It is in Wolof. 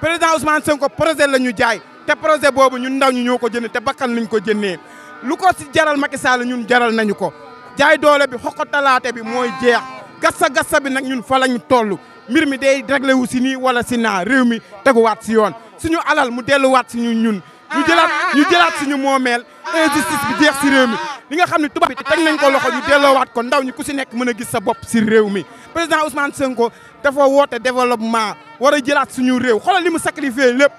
président Ousmane Sonko projet la ñu jaay te projet boobu ñun ndaw ñu ñoo ko jënd te bakkan lañ ko jëndee lu ko si jaral Macky Sall ñun jaral nañu ko jaay doole bi xoko talaate bi mooy jeex gasa gassa bi nag ñun fa ñu toll mbir mi day réglé wu si nii wala si naa réew mi teguwaat si yoon suñu alal mu delluwaat si ñun ñun ñu jëlaat ñu jëlaat suñu moomeel injustice bi jeex si réew mi li nga xam ne tubaab bi teg nañ ko loxo ñu delloowaat ko ndaw ñi ku si nekk mën a gis sa bopp si réew mi président Ousmane Sonko foo woote développement war a jëlaat suñu réew xoolal li mu sacrifié lépp